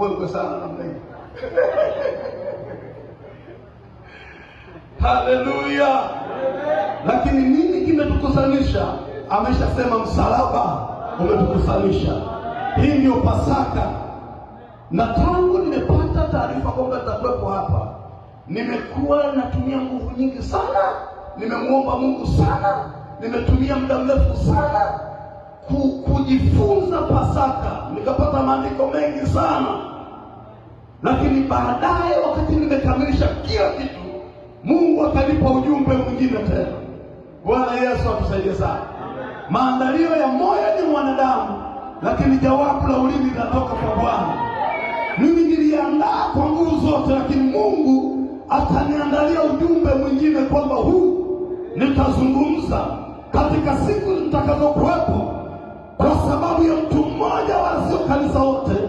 mkongwe sana namna hii. Haleluya! Lakini nini kimetukusanisha? Ameshasema msalaba umetukusanisha. Hii ndiyo Pasaka, na tangu nimepata taarifa kwamba nitakuwepo hapa, nimekuwa natumia nguvu nyingi sana, nimemwomba Mungu sana, nimetumia muda mrefu sana kujifunza Pasaka, nikapata maandiko mengi sana lakini baadaye wakati nimekamilisha kila kitu, Mungu akanipa ujumbe mwingine tena. Bwana Yesu atusaidie sana. Maandalio ya moyo ni mwanadamu, lakini jawabu la ulimi linatoka kwa Bwana. Mimi niliandaa kwa nguvu zote, lakini Mungu ataniandalia ujumbe mwingine kwamba huu nitazungumza katika siku nitakazokuwepo, kwa sababu ya mtu mmoja, wala sio kanisa wote